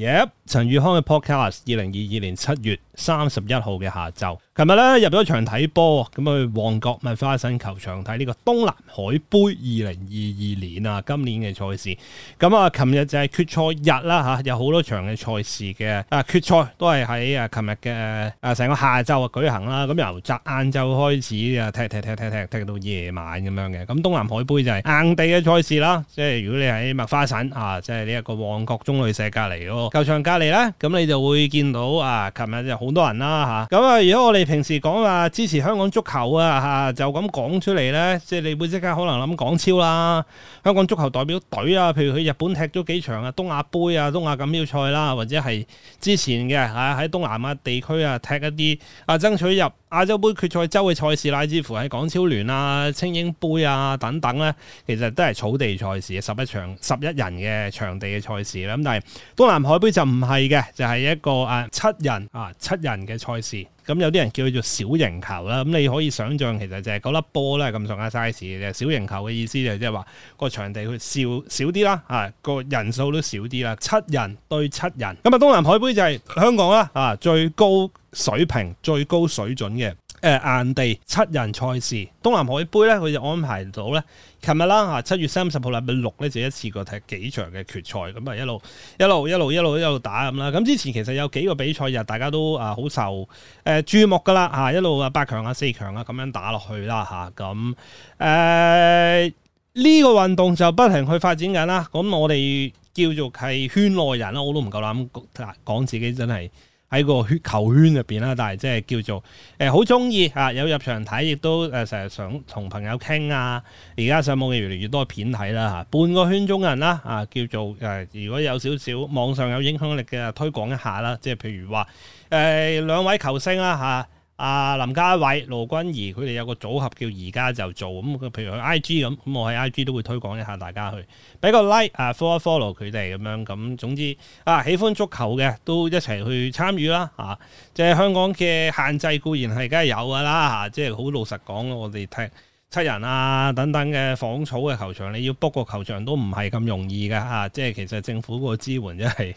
耶！Yep, 陳宇康嘅 podcast，二零二二年七月三十一號嘅下晝。琴日咧入咗場睇波，咁去旺角麥花臣球場睇呢個東南海盃二零二二年啊，今年嘅賽事。咁、嗯、啊，琴日就係決賽日啦吓、啊，有好多場嘅賽事嘅，啊決賽都係喺啊琴日嘅啊成個下晝啊舉行啦。咁、啊、由昨晏晝開始啊踢踢踢踢踢踢到夜晚咁樣嘅。咁東南海盃就係硬地嘅賽事啦，即係如果你喺麥花臣啊，即係呢一個旺角中旅社隔離嗰個，球場隔離咧，咁你就會見到啊！琴日就好多人啦嚇，咁啊如果我哋平時講話支持香港足球啊嚇，就咁講出嚟呢，即係你會即刻可能諗港超啦、啊、香港足球代表隊啊，譬如去日本踢咗幾場啊、東亞杯啊、東亞錦標賽啦、啊，或者係之前嘅嚇喺東南亞地區啊踢一啲啊爭取入。亞洲杯決賽周嘅賽事，乃至乎喺港超聯啊、青英杯啊等等呢，其實都係草地賽事，十一場、十一人嘅場地嘅賽事啦。咁但係東南海杯就唔係嘅，就係、是、一個誒、啊、七人啊七人嘅賽事。咁有啲人叫佢做小型球啦，咁你可以想象，其實就係嗰粒波咧咁上下 size 嘅小型球，嘅意思就即係話個場地會少少啲啦，啊個人數都少啲啦，七人對七人。咁啊，東南海盃就係香港啦，啊最高水平、最高水準嘅。誒、呃、硬地七人賽事，東南海杯咧，佢就安排到咧。琴、啊、日啦嚇，七月三十號禮拜六咧就一次過踢幾場嘅決賽，咁啊一路一路一路一路一路打咁啦。咁之前其實有幾個比賽日大家都啊好受誒注目噶啦嚇，一路啊八強啊四強啊咁樣打落去啦嚇。咁誒呢個運動就不停去發展緊啦。咁我哋叫做係圈內人啦，我都唔夠膽講講自己真係，喺個球圈入邊啦，但係即係叫做誒好中意嚇，有入場睇，亦都誒成日想同朋友傾啊。而家上網嘅越嚟越多片睇啦嚇，半個圈中人啦啊，啊，叫做誒、啊、如果有少少網上有影響力嘅，推廣一下啦。即係譬如話誒、欸、兩位球星啦、啊、嚇。啊啊，林家偉、羅君怡佢哋有個組合叫而家就做咁，佢譬如佢 I G 咁，咁我喺 I G 都會推廣一下大家去俾個 like 啊，follow follow 佢哋咁樣，咁總之啊，喜歡足球嘅都一齊去參與啦嚇！即係香港嘅限制固然係梗係有㗎啦，即係好老實講我哋踢七人啊等等嘅仿草嘅球場，你要 book 個球場都唔係咁容易㗎嚇！即係其實政府個支援一係。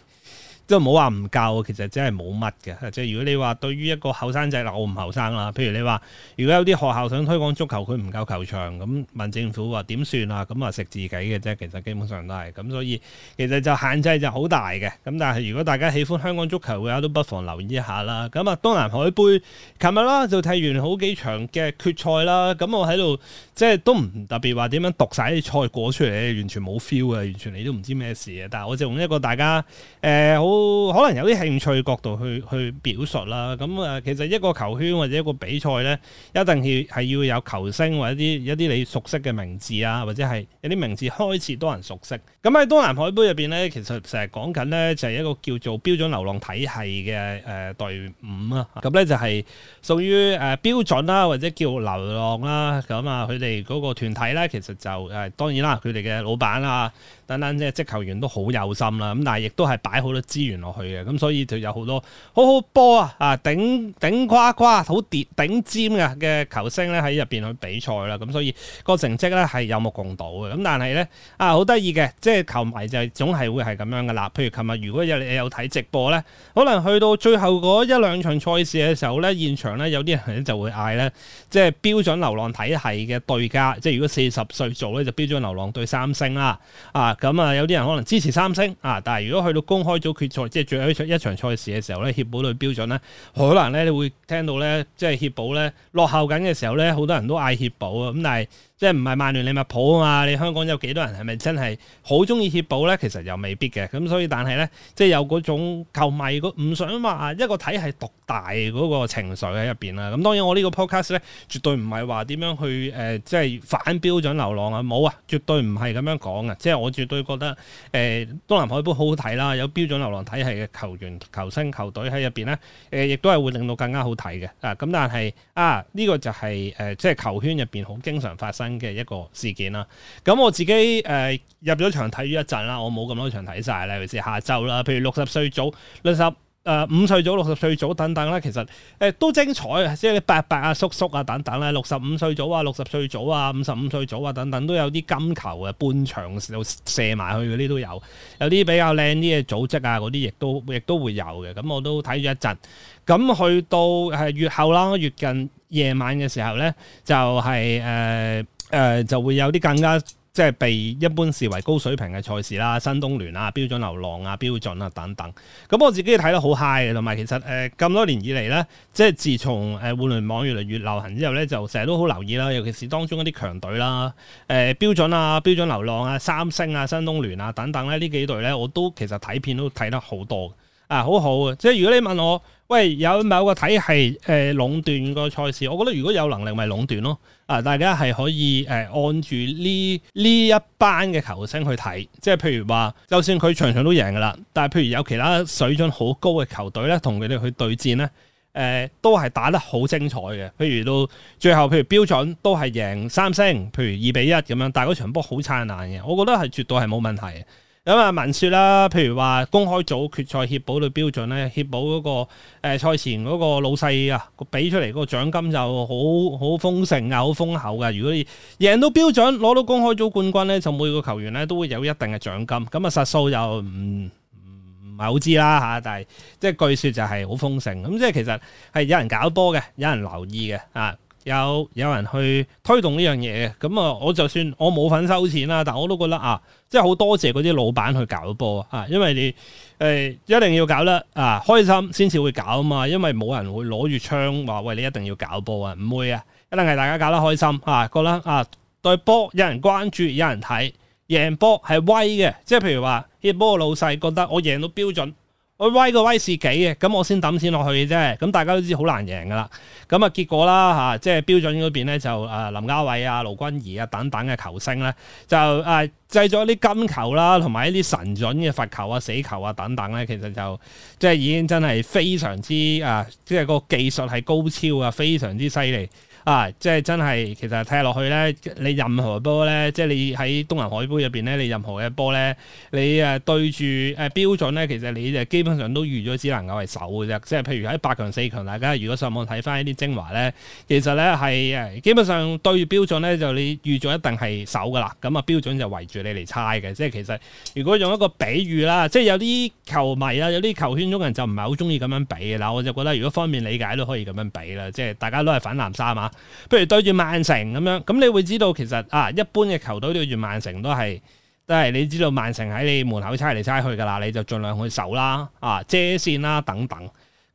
即係冇話唔夠，其實真係冇乜嘅。即係如果你話對於一個後生仔嗱，我唔後生啦。譬如你話，如果有啲學校想推廣足球，佢唔夠球場，咁問政府話點算啊？咁啊食自己嘅啫。其實基本上都係咁，所以其實就限制就好大嘅。咁但係如果大家喜歡香港足球嘅話，都不妨留意一下啦。咁啊，東南海盃，琴日啦就睇完好幾場嘅決賽啦。咁我喺度即係都唔特別話點樣讀晒啲賽果出嚟，完全冇 feel 嘅，完全你都唔知咩事嘅。但係我就用一個大家誒、呃都可能有啲興趣角度去去表述啦，咁、嗯、誒其實一個球圈或者一個比賽咧，一定要係要有球星或者啲一啲你熟悉嘅名字啊，或者係一啲名字開始多人熟悉。咁、嗯、喺東南海杯入邊咧，其實成日講緊咧就係一個叫做標準流浪體系嘅誒隊伍啊，咁、嗯、咧就係屬於誒標準啦、啊，或者叫流浪啦，咁啊，佢哋嗰個團體咧，其實就誒、呃、當然啦，佢哋嘅老闆啊等等即係職球員都好有心啦、啊，咁但係亦都係擺好多資支援落去嘅，咁、嗯、所以就有好多好好波啊！啊，頂頂呱呱，好跌頂尖嘅嘅球星咧喺入邊去比賽啦，咁、嗯、所以個成績咧係有目共睹嘅。咁、嗯、但係咧啊，好得意嘅，即係球迷就係總係會係咁樣嘅啦。譬如琴日，如果有你有睇直播咧，可能去到最後嗰一兩場賽事嘅時候咧，現場咧有啲人就會嗌咧，即係標準流浪體系嘅對家，即係如果四十歲做咧就標準流浪對三星啦。啊，咁、嗯、啊有啲人可能支持三星啊，但係如果去到公開組決即係最後一場，一場賽事嘅時候咧，協保嘅標準咧，可能咧你會聽到咧，即係協保咧落後緊嘅時候咧，好多人都嗌協保啊，咁但係。即係唔係曼聯利物浦啊嘛？你香港有幾多人係咪真係好中意協保咧？其實又未必嘅。咁所以但係咧，即係有嗰種球迷嗰唔想話一個體系獨大嗰個情緒喺入邊啦。咁、嗯、當然我個呢個 podcast 咧，絕對唔係話點樣去誒、呃，即係反標準流浪啊冇啊，絕對唔係咁樣講啊。即係我絕對覺得誒、呃、東南海盃好好睇啦，有標準流浪體系嘅球員、球星、球隊喺入邊咧，誒、呃、亦都係會令到更加好睇嘅。啊咁，但係啊呢、這個就係、是、誒、呃，即係球圈入邊好經常發生。嘅一個事件啦，咁我自己誒、呃、入咗場睇咗一陣啦，我冇咁多場睇晒啦，尤其是下晝啦，譬如六十歲組、六十誒五歲組、六十歲組等等啦，其實誒、呃、都精彩啊，即係伯伯、啊、叔叔啊等等啦，六十五歲組啊、六十歲組啊、五十五歲組啊等等都有啲金球嘅半場又射埋去嗰啲都有，有啲比較靚啲嘅組織啊，嗰啲亦都亦都會有嘅，咁我都睇咗一陣，咁去到係、呃、越後啦，越近夜晚嘅時候咧，就係、是、誒。呃誒、呃、就會有啲更加即係被一般視為高水平嘅賽事啦，新東聯啊、標準流浪啊、標準啊等等。咁我自己睇得好嗨嘅，同埋其實誒咁、呃、多年以嚟呢，即係自從誒互聯網越嚟越流行之後呢，就成日都好留意啦。尤其是當中一啲強隊啦，誒、呃標準啊、標準啊、標準流浪啊、三星啊、新東聯啊等等呢，呢幾隊呢，我都其實睇片都睇得好多。啊，好好啊！即係如果你問我，喂，有某個體系誒壟斷個賽事，我覺得如果有能力咪壟斷咯。啊，大家係可以誒、呃、按住呢呢一班嘅球星去睇，即係譬如話，就算佢場場都贏噶啦，但係譬如有其他水準好高嘅球隊咧，同佢哋去對戰咧，誒、呃、都係打得好精彩嘅。譬如到最後，譬如標準都係贏三星，譬如二比一咁樣，但係嗰場波好燦爛嘅，我覺得係絕對係冇問題嘅。咁啊，聞説啦，譬如話公開組決賽協保嘅標準咧，協保嗰個誒賽前嗰個老細啊，俾出嚟嗰個獎金就好好豐盛啊，好豐厚嘅。如果你贏到標準，攞到公開組冠軍咧，就每個球員咧都會有一定嘅獎金。咁啊，實數就唔唔唔係好知啦嚇，但係即係據説就係好豐盛咁，即係其實係有人搞波嘅，有人留意嘅啊。有有人去推動呢樣嘢嘅，咁啊，我就算我冇份收錢啦，但我都覺得啊，即係好多謝嗰啲老闆去搞波啊，因為你誒、欸、一定要搞得啊開心先至會搞啊嘛，因為冇人會攞住槍話，喂、哎，你一定要搞波啊，唔會啊，一定係大家搞得開心啊，覺得啊對波有人關注，有人睇，贏波係威嘅，即係譬如話，協波老細覺得我贏到標準。威個威士忌，嘅，咁我先抌錢落去啫，咁大家都知好難贏噶啦，咁啊結果啦吓、啊，即係標準嗰邊咧就誒、啊、林家偉啊、盧君儀啊等等嘅球星咧，就誒製、啊、造啲金球啦，同埋一啲神準嘅罰球啊、死球啊等等咧，其實就即係已經真係非常之啊，即係個技術係高超啊，非常之犀利。啊，即係真係，其實睇落去咧，你任何波咧，即係你喺東南海杯入邊咧，你任何嘅波咧，你誒對住誒、呃、標準咧，其實你就基本上都預咗只能夠係守嘅啫。即係譬如喺八強、四強，大家如果上網睇翻一啲精華咧，其實咧係誒基本上對住標準咧，就你預咗一定係守噶啦。咁啊，標準就圍住你嚟猜嘅。即係其實如果用一個比喻啦，即係有啲球迷啊，有啲球圈中人就唔係好中意咁樣比嘅啦。我就覺得如果方便理解都可以咁樣比啦。即係大家都係反藍沙嘛。譬如對住曼城咁樣，咁你會知道其實啊，一般嘅球隊對住曼城都係都係，你知道曼城喺你門口猜嚟猜去噶啦，你就盡量去守啦，啊遮線啦等等，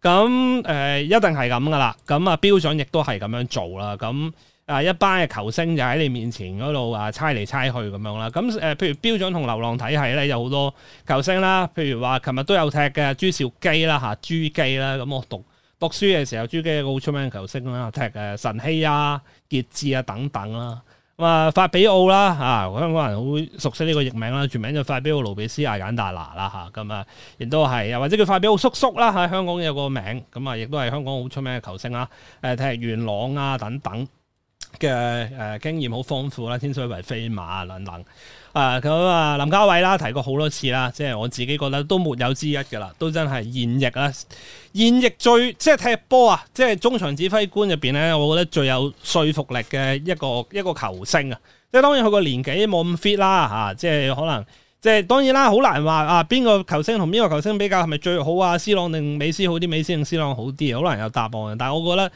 咁誒、呃、一定係咁噶啦，咁啊標準亦都係咁樣做啦，咁誒一班嘅球星就喺你面前嗰度啊猜嚟猜去咁樣啦，咁誒譬如標準同流浪體系咧有好多球星啦，譬如話琴日都有踢嘅朱兆基啦吓、啊、朱基啦，咁我讀。讀書嘅時候，朱基有好出名嘅球星啦，踢誒晨曦啊、傑志啊等等啦。咁啊，法比奧啦，啊香港人好熟悉呢個譯名啦，全名就法比奧盧比斯亞簡大拿啦吓，咁啊，亦、啊、都係啊，或者叫法比奧叔叔啦喺、啊、香港有個名，咁啊，亦都係香港好出名嘅球星啊，誒，踢元朗啊等等。嘅誒、呃、經驗好豐富啦，天水圍飛馬等等啊咁啊，林家偉啦提過好多次啦，即係我自己覺得都沒有之一嘅啦，都真係現役啦，現役最即係踢波啊，即係中場指揮官入邊咧，我覺得最有說服力嘅一個一個球星啊，即係當然佢個年紀冇咁 fit 啦嚇、啊，即係可能即係當然啦，好難話啊邊個球星同邊個球星比較係咪最好啊？斯朗定美斯好啲？美斯定斯，斯朗好啲？好難有答案，但係我覺得。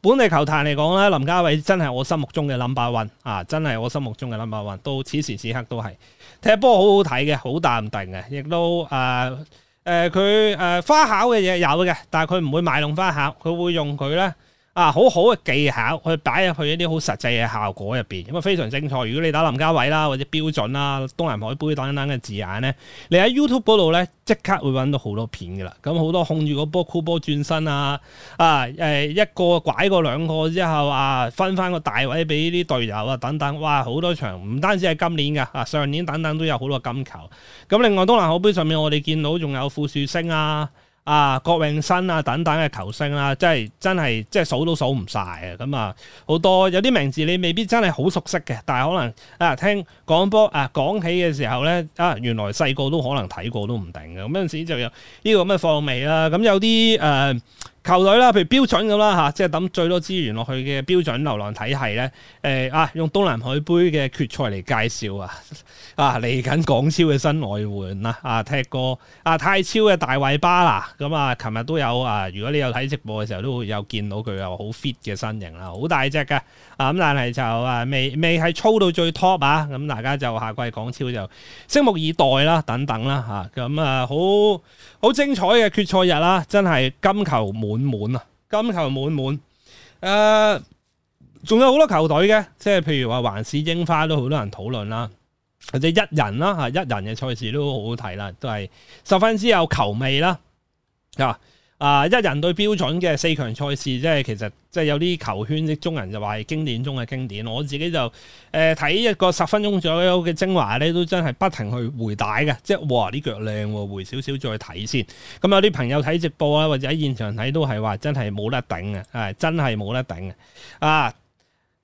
本地球壇嚟講咧，林家偉真係我心目中嘅 number one 啊！真係我心目中嘅 number one，到此時此刻都係踢波好好睇嘅，好淡定嘅，亦都誒誒佢誒花巧嘅嘢有嘅，但係佢唔會賣弄花巧，佢會用佢咧。啊，好好嘅技巧去擺入去一啲好實際嘅效果入邊，咁啊非常精彩。如果你打林家偉啦，或者標準啦、東南海盃等等嘅字眼呢，你喺 YouTube 嗰度呢，即刻會揾到好多片噶啦。咁、嗯、好多控住個波、箍波轉身啊，啊一個拐過兩個之後啊，分翻個大位俾啲隊友啊等等，哇好多場唔單止係今年噶，啊上年等等都有好多金球。咁、嗯、另外東南海盃上面我哋見到仲有富庶星啊。啊，郭永新啊，等等嘅球星啦、啊，真係真係，即係數都數唔晒。啊、嗯！咁啊，好多有啲名字你未必真係好熟悉嘅，但係可能啊聽廣播啊講起嘅時候呢，啊原來細個都可能睇過都唔定嘅。咁嗰陣時就有呢個咁嘅放味啦、啊，咁、嗯、有啲誒。呃球隊啦，譬如標準咁啦吓，即係等最多資源落去嘅標準流浪體系咧。誒、呃、啊，用東南海盃嘅決賽嚟介紹啊！啊，嚟緊港超嘅新外援啦，啊踢過啊泰超嘅大衞巴啦。咁啊，琴日都有啊，如果你有睇直播嘅時候，都會有見到佢又好 fit 嘅身形啦，好大隻嘅。啊，咁但係就啊未未係操到最 top 啊。咁、啊、大家就下季港超就拭目以待啦、啊，等等啦嚇。咁啊，啊，好好精彩嘅決賽日啦，真係金球滿滿啊，金球滿滿，誒、呃，仲有好多球隊嘅，即係譬如話橫市櫻花都好多人討論啦，或者一人啦，吓，一人嘅賽事都好好睇啦，都係十分之有球味啦，啊。啊！一人對標準嘅四強賽事，即係其實，即係有啲球圈嘅中人就話係經典中嘅經典。我自己就誒睇、呃、一個十分鐘左右嘅精華咧，都真係不停去回帶嘅，即係哇啲腳靚喎，回少少再睇先。咁、嗯嗯、有啲朋友睇直播啊，或者喺現場睇都係話真係冇得頂啊，係、嗯、真係冇得頂啊！啊！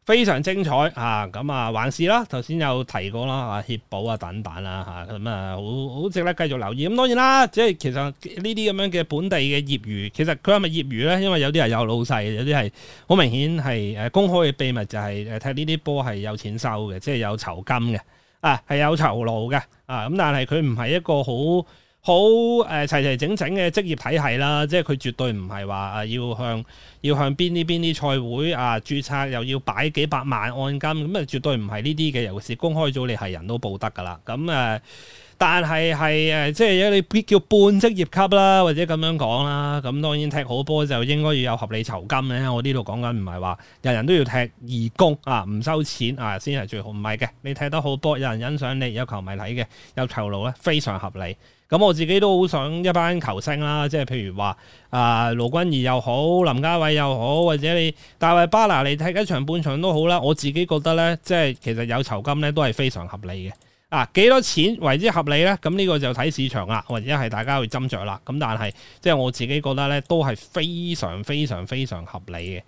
非常精彩嚇，咁啊還是啦，頭先、啊、有提過啦嚇，協保啊等等啦嚇，咁啊好好、啊啊啊啊、值得繼續留意。咁當然啦，即係其實呢啲咁樣嘅本地嘅業餘，其實佢係咪業餘咧？因為有啲係有老細，有啲係好明顯係誒、啊、公開嘅秘密、就是，就係誒睇呢啲波係有錢收嘅，即係有酬金嘅，啊係有酬勞嘅，啊咁但係佢唔係一個好，好誒、呃、齊齊整整嘅職業體系啦，即係佢絕對唔係話啊要向要向邊啲邊啲賽會啊註冊，又要擺幾百萬按金，咁、嗯、啊絕對唔係呢啲嘅。尤其是公開組，你係人都報得㗎啦。咁、嗯、誒，但係係誒，即係有啲叫半職業級啦，或者咁樣講啦。咁、嗯、當然踢好波就應該要有合理酬金咧。我呢度講緊唔係話人人都要踢義工啊，唔收錢啊先係最好，唔係嘅。你踢得好波，有人欣賞你，有球迷睇嘅，有酬勞咧，非常合理。咁我自己都好想一班球星啦，即係譬如話啊盧君儀又好，林家偉又好，或者你大衛巴拿嚟踢一場半場都好啦。我自己覺得呢，即係其實有酬金呢都係非常合理嘅。啊，幾多錢為之合理呢？咁呢個就睇市場啦，或者係大家去斟酌啦。咁但係即係我自己覺得呢，都係非常非常非常合理嘅。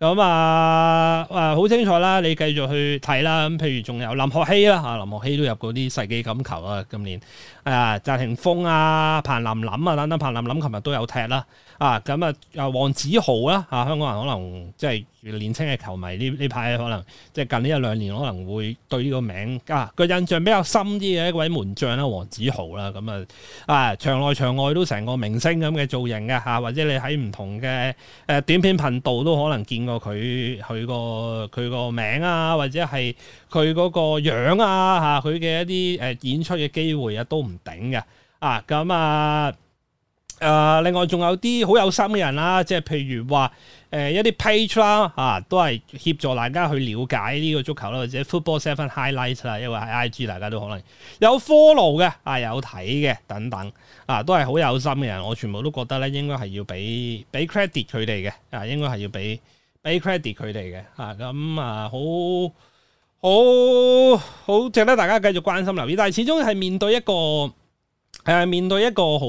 咁啊，啊好清楚啦，你繼續去睇啦。咁譬如仲有林學熙啦，啊林學熙都入過啲世紀金球啊，今年啊，謝霆鋒啊，彭琳琳啊，等等，彭琳琳琴日都有踢啦。啊，咁啊，啊，啊黃子豪啦，啊香港人可能即係年輕嘅球迷呢，呢排可能即係近呢一兩年可能會對呢個名啊、個印象比較深啲嘅一位門將啦，黃子豪啦，咁啊，啊場內場外都成個明星咁嘅造型嘅吓，或者你喺唔同嘅誒、啊、短片頻道都可能。可能見過佢，佢個佢個名啊，或者係佢嗰個樣啊嚇，佢嘅一啲誒演出嘅機會啊都唔頂嘅啊咁啊！誒、呃，另外仲有啲好有心嘅人啦，即係譬如話誒、呃、一啲 page 啦，啊都係協助大家去了解呢個足球啦，或者 football seven highlights 啦，因為 IG 大家都可能有 follow 嘅，啊有睇嘅等等，啊都係好有心嘅人，我全部都覺得咧，應該係要俾俾 credit 佢哋嘅。啊應該係要俾俾 credit 佢哋嘅，吓咁啊，啊好好好值得大家繼續關心留意，但係始終係面對一個誒、啊、面對一個好。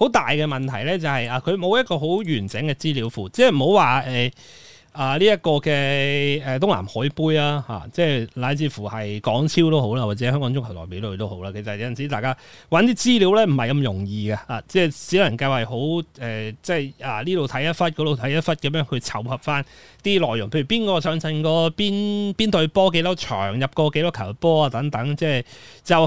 好大嘅問題呢，就係啊，佢冇一個好完整嘅資料庫，即係唔好話誒啊呢一個嘅誒東南海盃啊嚇、啊，即係乃至乎係港超都好啦，或者香港足球代表隊都好啦。其實有陣時大家揾啲資料呢，唔係咁容易嘅啊，即係只能夠係好誒，即係啊呢度睇一忽，嗰度睇一忽，咁樣去湊合翻啲內容。譬如邊個上陣過邊邊隊波，幾多場入過幾多球波啊等等，即係就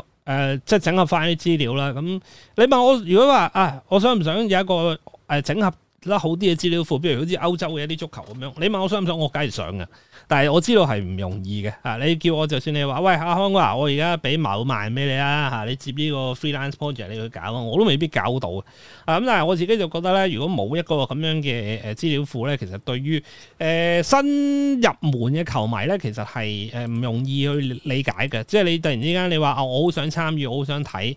去。誒、呃、即係整合翻啲資料啦，咁、嗯、你問我如果話啊，我想唔想有一個誒、呃、整合好啲嘅資料庫，譬如好似歐洲嘅一啲足球咁樣。你問我想唔想，我梗係想嘅。但係我知道係唔容易嘅嚇。你叫我就算你話喂，阿康哥，我而家俾某萬俾你啊嚇，你接呢個 freelance project 你去搞，我都未必搞到。咁但係我自己就覺得咧，如果冇一個咁樣嘅誒資料庫咧，其實對於誒、呃、新入門嘅球迷咧，其實係誒唔容易去理解嘅。即係你突然之間你話啊，我好想參與，我好想睇。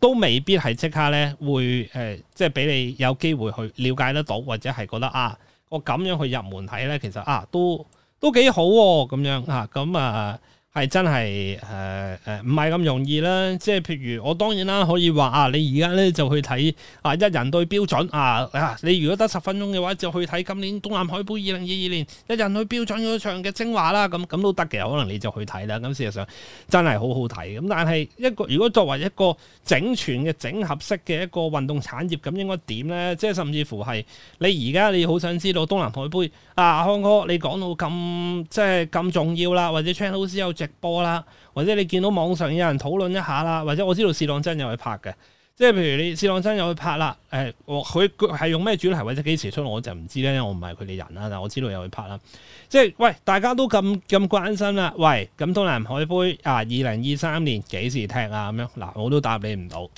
都未必係即刻咧會誒、呃，即係俾你有機會去了解得到，或者係覺得啊，我咁樣去入門睇咧，其實啊，都都幾好喎，咁樣啊，咁啊。嗯、呃。係真係誒誒唔係咁容易啦，即係譬如我當然啦可以話啊，你而家呢，就去睇啊一人對標準啊，啊，你如果得十分鐘嘅話，就去睇今年東南海杯二零二二年一人對標準嗰場嘅精華啦，咁咁都得嘅，可能你就去睇啦。咁事實上真係好好睇咁，但係一個如果作為一個整全嘅整合式嘅一個運動產業咁，應該點呢？即係甚至乎係你而家你好想知道東南海杯啊，康哥你講到咁即係咁重要啦，或者 channel 之後。直播啦，或者你見到網上有人討論一下啦，或者我知道試當真有去拍嘅，即係譬如你試當真有去拍啦，誒、呃，佢係用咩主題或者幾時出，我就唔知咧，我唔係佢哋人啦，但我知道有去拍啦。即係喂，大家都咁咁關心啦、啊，喂，咁東南海盃啊，二零二三年幾時踢啊？咁樣嗱、啊，我都答你唔到。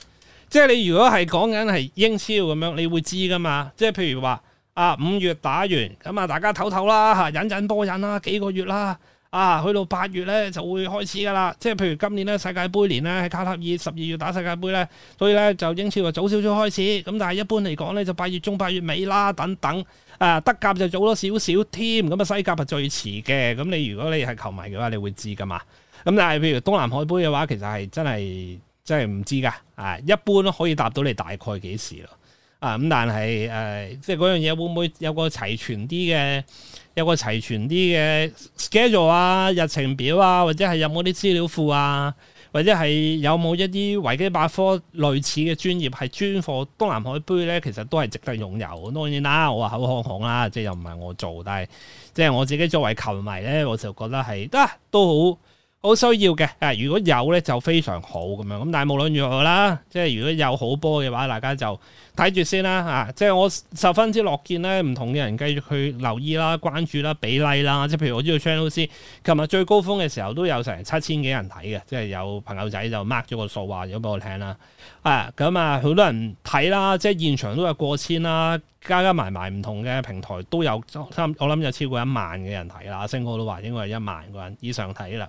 即係你如果係講緊係英超咁樣，你會知噶嘛？即係譬如話啊，五月打完，咁啊大家唞唞啦，嚇，忍忍多忍啦，幾個月啦。啊，去到八月咧就會開始噶啦，即係譬如今年咧世界盃年咧，喺卡塔爾十二月打世界盃咧，所以咧就英超話早少少開始，咁但係一般嚟講咧就八月中八月尾啦等等，啊德甲就早咗少少添，咁啊西甲係最遲嘅，咁你如果你係球迷嘅話，你會知噶嘛，咁但係譬如東南海盃嘅話，其實係真係真係唔知噶，啊一般可以答到你大概幾時咯。啊咁，但係誒、呃，即係嗰樣嘢會唔會有個齊全啲嘅，有個齊全啲嘅 schedule 啊、日程表啊，或者係有冇啲資料庫啊，或者係有冇一啲維基百科類似嘅專業係專課東南海盃呢，其實都係值得擁有。當然啦，我話口口紅啦，即係又唔係我做，但係即係我自己作為球迷呢，我就覺得係得、啊、都好。好需要嘅，啊如果有咧就非常好咁樣，咁但係無論如何啦，即係如果有好波嘅話，大家就睇住先啦，啊，即係我十分之樂見咧，唔同嘅人繼續去留意啦、關注啦、俾 like 啦，即係譬如我知道 Channel C，琴日最高峰嘅時候都有成七千幾人睇嘅，即係有朋友仔就 mark 咗個數話咗俾我聽啦，啊，咁啊好多人睇啦，即係現場都有過千啦，加加埋埋唔同嘅平台都有，三我諗有超過一萬嘅人睇啦，啊、星哥都話應該係一萬個人以上睇啦。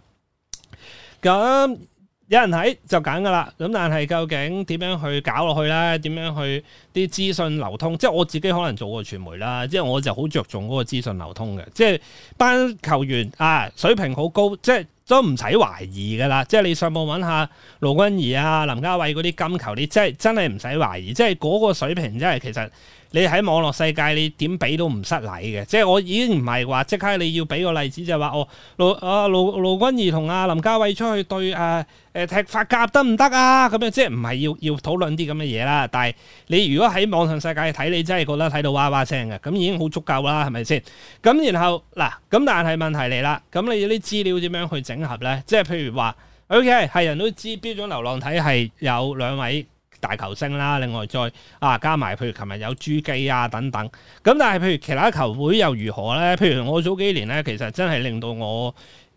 咁、嗯、有人睇就揀噶啦，咁但係究竟點樣去搞落去咧？點樣去啲資訊流通？即係我自己可能做過傳媒啦，即係我就好着重嗰個資訊流通嘅。即係班球員啊，水平好高，即係都唔使懷疑噶啦。即係你上網揾下盧君怡啊、林家偉嗰啲金球你即係真係唔使懷疑，即係嗰個水平真係其實。你喺網絡世界，你點俾都唔失禮嘅，即係我已經唔係話即刻你要俾個例子，就係話、是、哦盧啊盧盧君怡同阿林家偉出去對誒誒踢法甲得唔得啊？咁、呃啊、樣即係唔係要要討論啲咁嘅嘢啦？但係你如果喺網上世界睇，你真係覺得睇到哇哇聲嘅，咁已經好足夠啦，係咪先？咁然後嗱，咁、啊、但係問題嚟啦，咁你啲資料點樣去整合咧？即係譬如話，OK 係人都知標準流浪體係有兩位。大球星啦，另外再啊加埋，譬如琴日有豬雞啊等等。咁但係譬如其他球會又如何呢？譬如我早幾年呢，其實真係令到我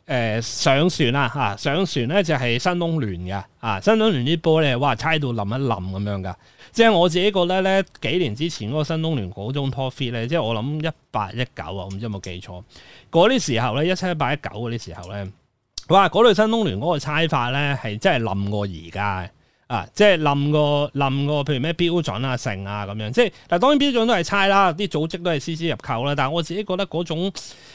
誒上船啦嚇，上船呢、啊、就係新東聯嘅啊，新東聯啲波呢，哇，猜到冧一冧咁樣噶。即係我自己覺得呢，幾年之前嗰個新東聯嗰種 trophy 呢，即係我諗一八一九啊，我唔知有冇記錯嗰啲時候呢，一七一八一九嗰啲時候呢，哇，嗰對新東聯嗰個猜法呢，係真係冧過而家啊，即係冧個冧個，譬如咩標準啊、成啊咁樣，即係嗱，當然標準都係差啦，啲組織都係絲絲入扣啦，但係我自己覺得嗰種，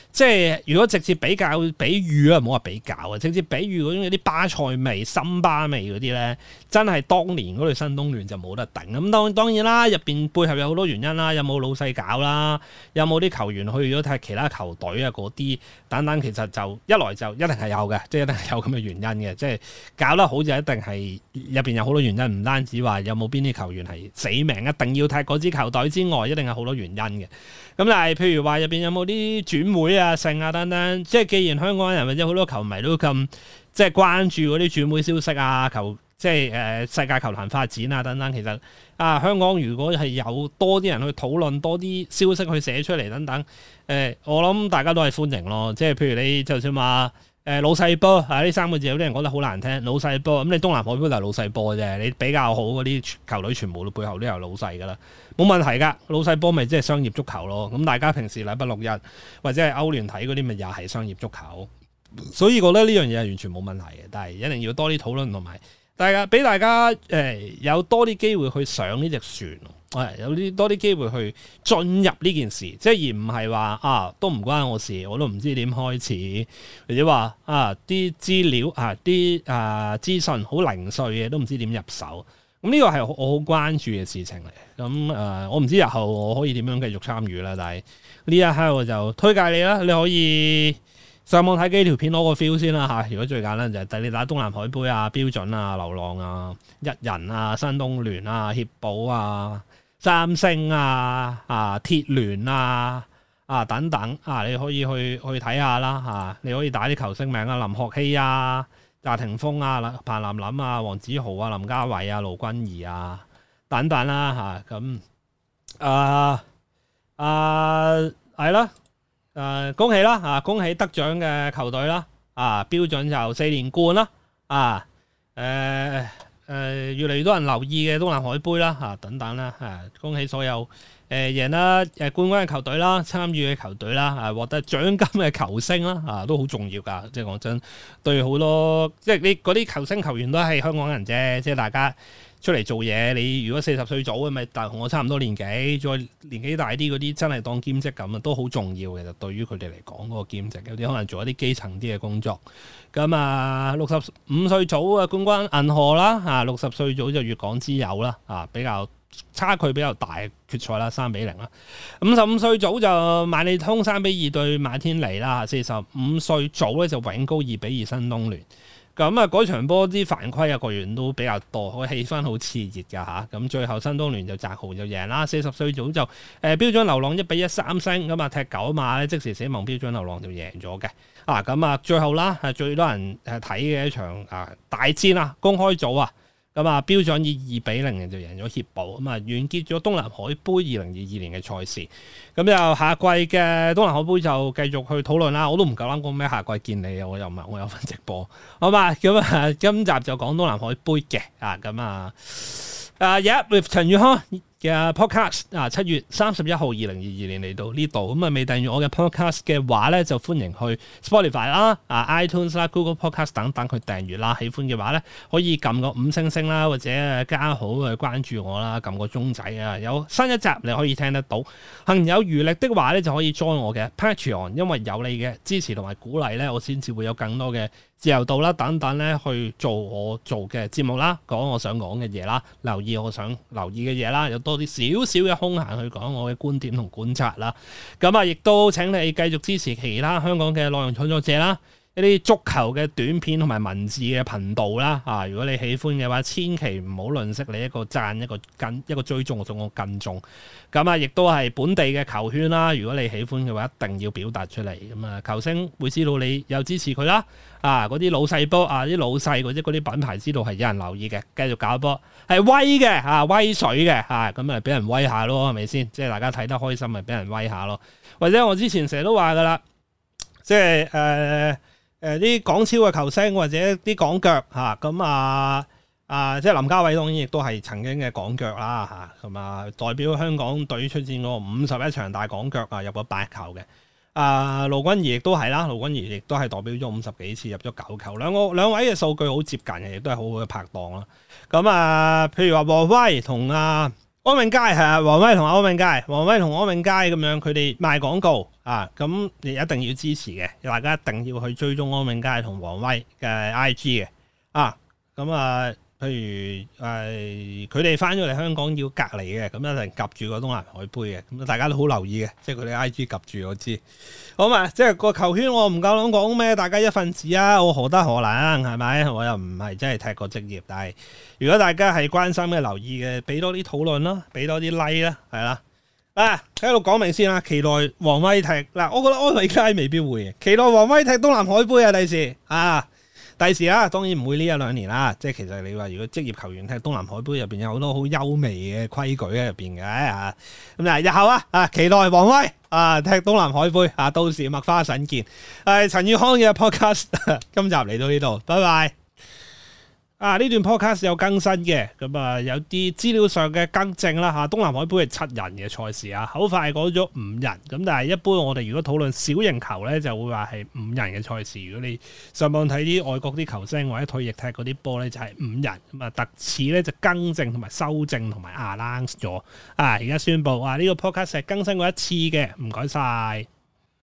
即係如果直接比較比喻啊，唔好話比較啊，直接比喻嗰種有啲巴塞味、森巴味嗰啲咧。真係當年嗰隊新東聯就冇得頂咁，當當然啦，入邊背後有好多原因啦，有冇老細搞啦，有冇啲球員去咗踢其他球隊啊？嗰啲等等，其實就一來就一定係有嘅，即係一定係有咁嘅原因嘅，即係搞得好就一定係入邊有好多原因，唔單止話有冇邊啲球員係死命一定要踢嗰支球隊之外，一定有好多原因嘅。咁但係譬如話入邊有冇啲轉會啊、剩啊等等，即係既然香港人或者好多球迷都咁即係關注嗰啲轉會消息啊、球。即係誒，世界球壇發展啊，等等。其實啊，香港如果係有多啲人去討論，多啲消息去寫出嚟，等等。誒、欸，我諗大家都係歡迎咯。即係譬如你，就算話誒、呃、老細波係呢、啊、三個字，有啲人講得好難聽。老細波，咁、嗯、你東南海波就老細波啫。你比較好嗰啲球隊，全部背後都有老細噶啦，冇問題噶。老細波咪即係商業足球咯。咁大家平時禮拜六日或者係歐聯睇嗰啲，咪又係商業足球。所以覺得呢樣嘢係完全冇問題嘅，但係一定要多啲討論同埋。大家俾大家誒，有多啲機會去上呢隻船，係有啲多啲機會去進入呢件事，即係而唔係話啊，都唔關我事，我都唔知點開始，或者話啊啲資料啊啲誒、啊、資訊好零碎嘅，都唔知點入手。咁呢個係我好關注嘅事情嚟。咁、嗯、誒、啊，我唔知日後我可以點樣繼續參與啦。但係呢一刻我就推介你啦，你可以上網睇幾條片攞個 feel 先啦嚇！如果最簡單就係帶你打東南海盃啊、標準啊、流浪啊、一人啊、新東聯啊、協保啊、三星啊、啊鐵聯啊、啊等等啊，你可以去去睇下啦嚇！你可以打啲球星名啊，林學熙啊、謝霆鋒啊、彭琳琳啊、黃子豪啊、林家偉啊、盧君儀啊等等啦嚇！咁啊啊係啦。誒、呃，恭喜啦！啊，恭喜得獎嘅球隊啦！啊，標準就四連冠啦！啊，誒、呃、誒、呃，越嚟越多人留意嘅東南海杯啦！啊，等等啦！啊，恭喜所有誒贏啦，誒、呃、冠軍嘅球隊啦，參與嘅球隊啦，啊，獲、啊、得獎金嘅球星啦！啊，都好重要噶，即係講真，對好多即係你啲球星球員都係香港人啫，即係大家。出嚟做嘢，你如果四十歲組咪，但同我差唔多年紀，再年紀大啲嗰啲真係當兼職咁啊，都好重要嘅。就對於佢哋嚟講嗰個兼職，有啲可能做一啲基層啲嘅工作。咁、嗯、啊，六十五歲組冠冠啊，冠軍銀河啦，啊六十歲組就粵港之友啦，啊比較差距比較大，決賽啦三比零啦、啊，五十五歲組就萬利通三比二對馬天尼啦、啊，四十五歲組咧就永高二比二新東聯。咁啊，嗰、嗯、場波啲犯規啊，過完都比較多，個氣氛好熾熱㗎嚇。咁、嗯、最後新東聯就澤豪就贏啦，四十歲組就誒、呃、標準流浪一比一三星咁啊、嗯、踢九啊碼咧，即時死亡標準流浪就贏咗嘅。啊咁啊、嗯，最後啦係最多人誒睇嘅一場啊大戰啊公開組啊！咁啊，標準以二比零就贏咗協保，咁啊完結咗東南海杯二零二二年嘅賽事，咁就下季嘅東南海杯就繼續去討論啦。我都唔夠膽講咩下季見你啊，我又唔係我有份直播，好嘛？咁啊，今集就講東南海杯嘅啊，咁啊啊，Yep with 陳宇康。Yeah, 嘅 podcast 啊，七月三十一號二零二二年嚟到呢度，咁啊未訂閱我嘅 podcast 嘅話咧，就歡迎去 Spotify 啦、啊 iTunes 啦、Google Podcast 等等去訂閱啦。喜歡嘅話咧，可以撳個五星星啦，或者加好去關注我啦，撳個鐘仔啊，有新一集你可以聽得到。行有餘力的話咧，就可以 join 我嘅 Patreon，因為有你嘅支持同埋鼓勵咧，我先至會有更多嘅自由度啦，等等咧去做我做嘅節目啦，講我想講嘅嘢啦，留意我想留意嘅嘢啦，有多多啲少少嘅空閒去講我嘅觀點同觀察啦，咁啊，亦都請你繼續支持其他香港嘅內容創作者啦。一啲足球嘅短片同埋文字嘅頻道啦，啊，如果你喜歡嘅話，千祈唔好吝嗇，你一個讚，一個跟，一個追蹤仲我跟蹤，咁啊，亦都係本地嘅球圈啦。如果你喜歡嘅話，一定要表達出嚟，咁、嗯、啊，球星會知道你有支持佢啦。啊，嗰啲老細波啊，啲老細嗰啲嗰啲品牌知道係有人留意嘅，繼續搞波係威嘅嚇、啊，威水嘅嚇，咁啊，俾人威下咯，係咪先？即係大家睇得開心，咪俾人威下咯。或者我之前成日都話㗎喇，即係誒。呃誒啲、呃、港超嘅球星或者啲港腳嚇，咁啊啊，即、啊、係、啊就是、林家偉當然亦都係曾經嘅港腳啦嚇，咁啊代表香港隊出戰嗰五十一場大港腳啊，入咗八球嘅，啊盧均宜亦都係啦，盧均宜亦都係代表咗五十幾次入咗九球，兩個兩位嘅數據好接近嘅，亦都係好好嘅拍檔啦。咁啊，譬如話王威同啊。安永佳係啊，黃威同安永佳，黃威同安永佳咁樣，佢哋賣廣告啊，咁你一定要支持嘅，大家一定要去追蹤安永佳同黃威嘅 IG 嘅啊，咁、嗯、啊。譬如誒，佢哋翻咗嚟香港要隔離嘅，咁一陣夾住個東南海盃嘅，咁大家都好留意嘅，即係佢哋 I G 夾住我知。好嘛，即係個球圈我唔夠膽講咩，大家一份子啊，我何德何能係咪？我又唔係真係踢過職業，但係如果大家係關心嘅、留意嘅，俾多啲討論啦、啊，俾多啲 like 啦、啊，係啦。啊，喺度講明先啦，期待黃威踢嗱、啊，我覺得安偉佳未必會。期待黃威踢東南海盃啊，第時啊。第時啊，當然唔會呢一兩年啦。即係其實你話，如果職業球員踢東南海盃入邊有好多好優美嘅規矩喺入邊嘅嚇。咁、啊、嗱，日後啊，啊期待王威啊踢東南海盃啊，到時麥花臣見。係、啊、陳宇康嘅 podcast，今集嚟到呢度，拜拜。啊！呢段 podcast 有更新嘅，咁、嗯、啊有啲資料上嘅更正啦嚇、啊，東南海盃係七人嘅賽事啊，好快改咗五人，咁但係一般我哋如果討論小型球咧，就會話係五人嘅賽事。如果你上網睇啲外國啲球星或者退役踢嗰啲波咧，就係、是、五人咁啊、嗯。特此咧就更正同埋修正同埋 align 咗啊！而家宣布啊，呢、這個 podcast 係更新過一次嘅，唔該晒。